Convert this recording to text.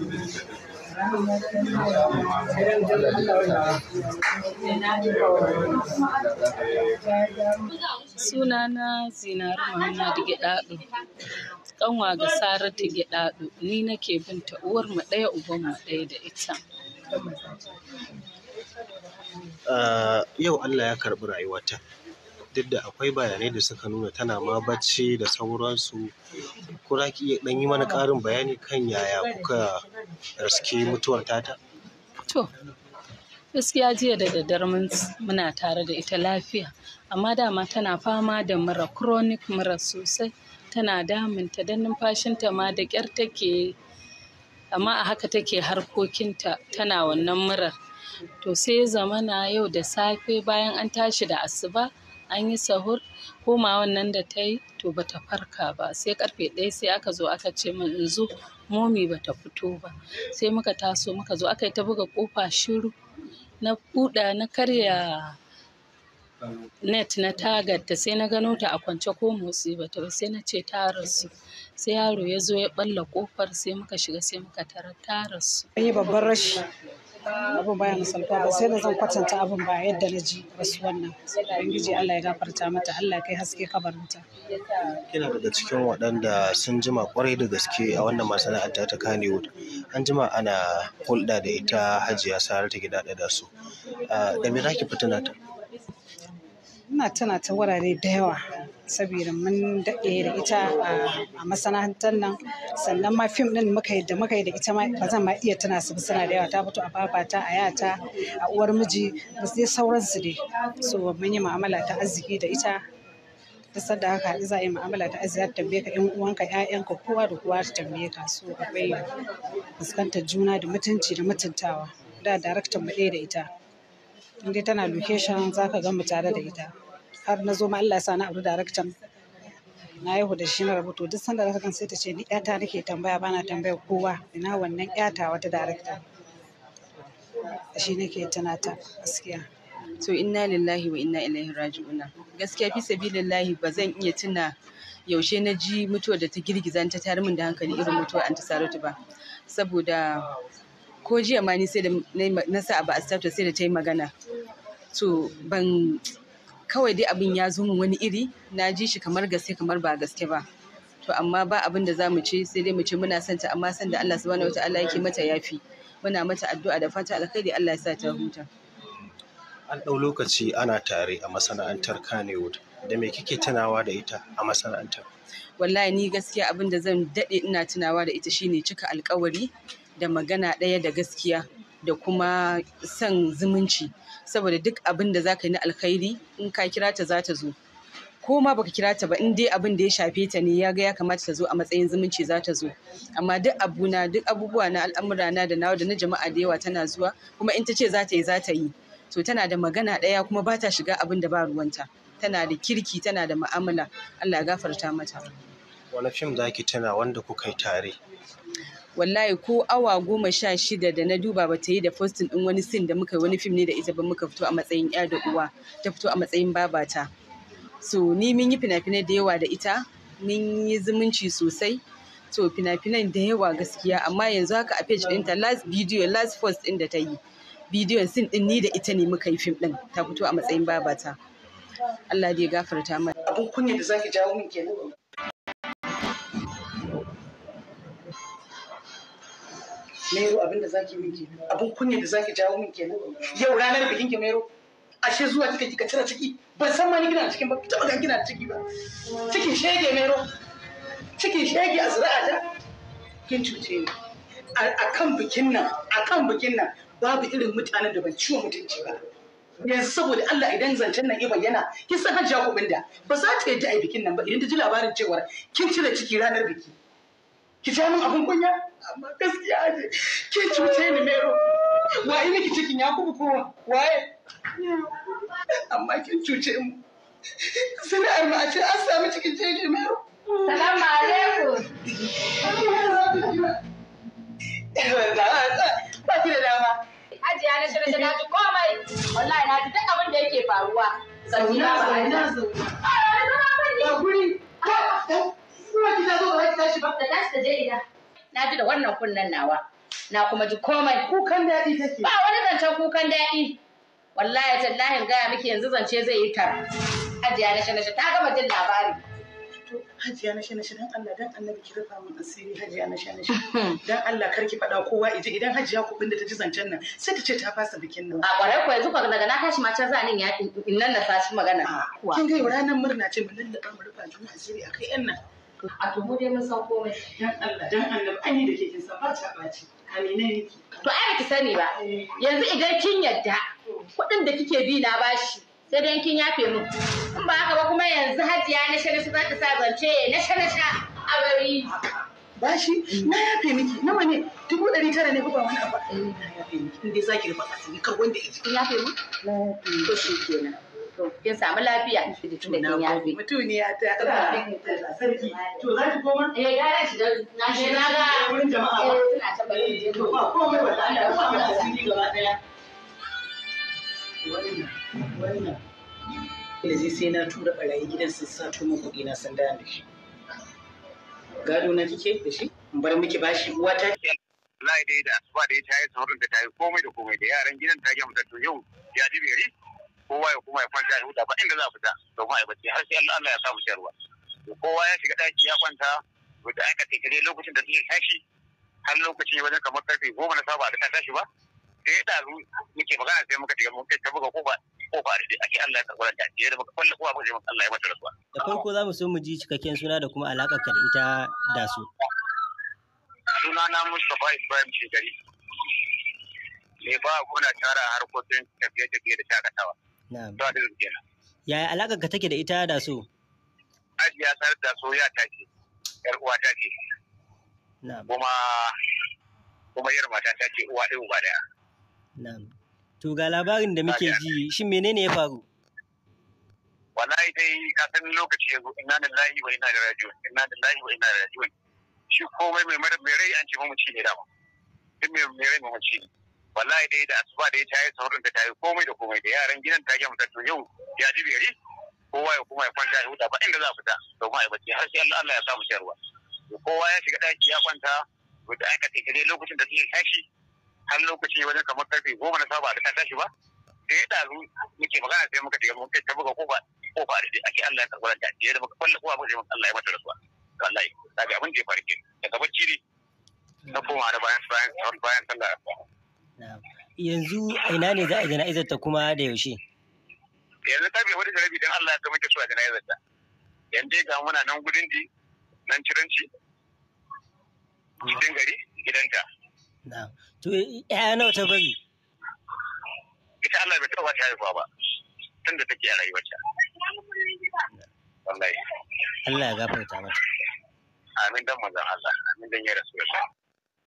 Sunana Zinaru da Gidaɗo, kanwa ga Saratu Gidaɗo, ni nake binta uwar ma ɗaya uban ma ɗaya da ita. Ah, yau Allah ya karɓi rayuwata. duk da akwai bayanai da suka nuna tana ma bacci da sauransu ko za ki iya ɗan yi mana ƙarin bayani kan yaya kuka raske mutuwar tata to gaskiya jiya da daddare muna tare da ita lafiya amma dama tana fama da mura chronic mura sosai tana damunta don numfashinta ma da ƙyar take amma a haka take harkokinta tana wannan murar to sai zamana yau da safe bayan an tashi da asuba an yi sahur komawan nan da ta yi to bata farka ba sai karfe ɗaya sai aka zo aka ce min in zo momi bata fito ba sai muka taso muka zo aka yi ta buga kofa shiru na buɗa na karya net na tagarta sai na gano ta a kwance ko motsi ba ba sai na ce ta rasu sai yaro ya zo ya balla kofar sai muka shiga sai muka tarar ta rasu. abin baya misaltuwa ba sai da zan kwatanta abin ba yadda na ji wasu wannan ubangiji Allah ya gafarta mata Allah kai haske kabarinta kina daga cikin waɗanda sun jima kwarai da gaske a wannan masana'anta ta kaniwood an jima ana hulɗa da ita Hajiya ta gida da su ah, da me zaki fitina ta ina tana ta wurare da yawa saboda mun daɗe da ita a masana'antar nan sannan ma fim ɗin muka da muka yi da ita ba zan ma iya tana su suna da yawa ta fito a babata a yata a uwar miji ba sauran sauransu ne so mun yi mu'amala ta arziki da ita ta sadda haka za a yi mu'amala ta arziki ta tambaye ka 'yan uwanka 'ya'yanka kowa da kowa ta tambaye ka so akwai fuskantar juna da mutunci da mutuntawa da daraktan mu ɗaya da ita in dai tana location za ka ga mu tare da ita har na zo ma Allah ya sa na abu daraktan na yi da shi na rubutu duk sanda da kan sai ta ce ni 'Yata nake tambaya bana tambayar kowa ina wannan 'yata wata daraktan? shi nake tunata gaskiya to inna lillahi wa inna ilaihi raji'una gaskiya fi sabilillahi ba zan iya tuna yaushe na ji mutuwar da ta girgiza ta tare min da hankali irin mutuwar an ta saratu ba saboda ko jiya ma ni sai da na sa abu a sai da ta yi magana to ban kawai dai abin ya zo wani iri na ji shi kamar gaske kamar ba gaske ba to amma ba abin da zamu ce sai dai mu ce muna son amma san da Allah subhanahu wataala yake mata yafi muna mata addu'a da fata alkhairi Allah ya sa ta huta an ɗau lokaci ana tare a masana'antar Kannywood da me kike tunawa da ita a masana'antar wallahi ni gaskiya abin da zan daɗe ina tunawa da ita shine cika alkawari da magana ɗaya da gaskiya da kuma san zumunci saboda duk abin da ka yi na alkhairi in ka kira ta za ta zo ko ma baka kira ta ba in dai abin da ya shafe ta ne ya ga ya kamata ta zo a matsayin zumunci za ta zo amma duk abuna duk abubuwa na al'amura na da nawa da na jama'a da yawa tana zuwa kuma in ta ce za ta yi za ta yi to tana da magana ɗaya kuma ba ta shiga abin da ba ruwanta tana da kirki tana da ma'amala Allah ya gafarta mata wani fim zaki tana wanda kuka yi tare wallahi ko awa goma sha shida da na duba ba ta yi da fostin din wani sin da muka wani fim ne da ita ba muka fito a matsayin ya da uwa ta fito a matsayin babata so ni mun yi fina-finai da yawa da ita mun yi zumunci sosai to fina-finan da yawa gaskiya amma yanzu haka a page ɗinta last video last post ɗin da ta yi bidiyon sin ɗin ni da ita ne muka yi fim ɗin ta fito a matsayin babata Allah dai ya gafarta mana abin kunya da zaki jawo min kenan mero abin da zaki min ke abin kunya da zaki jawo min kenan yau ranar bikin ki mero ashe zuwa kika kika cire ciki ban san ma ni gina cikin ba taba ga kina ciki ba cikin shege mero cikin shege a zuri'a ta kin cuce ni a kan bikin nan a kan bikin nan babu irin mutanen da ban ciwo mutunci ba yanzu saboda Allah idan zancen nan iban yana kin san hajjia kubinda ba za ta yadda a bikin nan ba idan ta ji labarin cewa kin cire ciki ranar biki ki sha min abin kunya amma gaskiya ne ke cuce ni mero ina miki cikin ya kuma kowa waye amma kin cuce mu Sani mu a ce an samu cikin jeje mero salamu alaikum ba ki da dama Hajiya na shirin na ji komai wallahi na ji duk abin da yake faruwa. Zauna ba ina zauna. na ji da wannan kunnen nawa na kuma ji komai kukan daɗi take ba wani zancen kukan daɗi wallahi tallahi gaya miki yanzu zance zai yi tara hajiya na shi ta gama jin labari hajiya na shana dan Allah dan annabi ki rufa min asiri hajiya na shana hmm. dan Allah kar ki faɗa kowa ije idan hajiya ku da ta ji zancen nan sai ta ce ta fasa bikin nan a ƙwarai ko yanzu daga na tashi ma can za ni ya in nan na sashi magana kin ga ranar murna ce mun lallaba mu rufa juna asiri akai yan nan a to mu dai mun san komai dan Allah dan Allah an da ke kin san ba ta baci amina yake to ai ki sani ba yanzu idan kin yadda kuɗin da kike bi na bashi sai dan kin yafe mu in ba haka ba kuma yanzu hajiya na shana za ta sa zance na shana sha a bari bashi na yafe miki nawa ne dubu ɗari tara ne ba wani abu eh, na yafe miki in dai zaki rufa asiri kar wanda ya ji yafe mu to shi kenan to kin samu lafiya da kin yafi mutuniya ta kafin sarki to za ki koma eh gara shi na shi na ga eh, wurin jama'a ba suna eh, ta bari je to ba komai wallahi Allah ba mu asiri gaba daya wannan wannan yanzu sai na tura barayi gidan sun sato min kuɗi na sun da shi gado na kike da shi in bar miki bashi uwa ta wallahi dai da asuba da ya tayi saurin da tayi komai da komai da yaran gidan ta ga mutum to yau ya ji kowa ya kuma ya kwanta ya huta ba inda za a fita domin kuma yi har sai Allah Allah ya samu shayarwa kowa ya shiga daki ya kwanta da aka kai lokacin da take tashi har lokacin wajen kamar karfe goma na saba da ta tashi ba sai ya dazu muke magana sai muka shiga mun tafi ga kofa kofa da ake Allah ya karɓi da ake da muka kwalla kofa muka je Allah ya mata rasuwa da farko za mu so mu ji cikakken suna da kuma alaƙar ka da ita da su suna na Mustapha Ibrahim Shekari ne ba kuna tara harkokin tafiye-tafiye da shakatawa Na'am. Ba da gaskiya. Yaya alakar ka take da ita da so? Ajiya tsar da so ya take. Yar uwa ta ce. Na'am. Kuma kuma yar mata ta ce uwa ɗaya uba ɗaya. Na'am. To ga labarin da muke ji shin menene ya faru? wallahi dai kasan lokaci ya zo inna lillahi wa inna ilaihi raji'un inna lillahi wa inna ilaihi raji'un shi komai mai mai rai an ce mamaci ne dama duk mai rai mamaci ne wallahi dai da asuba da ta yi saurin da ta yi komai da komai da yaran gidan ta gama to yau ya ji beri kowa ya kuma ya kwanta ya huta ba inda za a fita to ma aibace har sai Allah ya samu sharwa kowa ya shiga daki ya kwanta to da aka tafi dai lokacin da suke tashi har lokaci wajen kamar karfe goma na saba da ta tashi ba sai ya ɗaru muke magana sai muka tafi muka ta buga kofa kofa da dai ake Allah ya karɓi ranta da muka kwalla kowa ba sai Allah ya mata rasuwa to Allah ya ga abin da ya faru daga bacci ne na koma da bayan bayan bayan sallah Yanzu a ina ne za a jana'izar ta kuma da yaushe? Yanzu ta bai wani jarabi don Allah ya muke so a jana'izar ta. Yanzu ga muna nan gudun di, nan ciranci, cikin gari, gidanta. To, ya nawa ta bari? Ita Allah bai taɓa ta haihuwa ba, tun da take a rayuwarta. Allah ya gafarta mata. Amin dan mazan Allah, amin dan ya rasu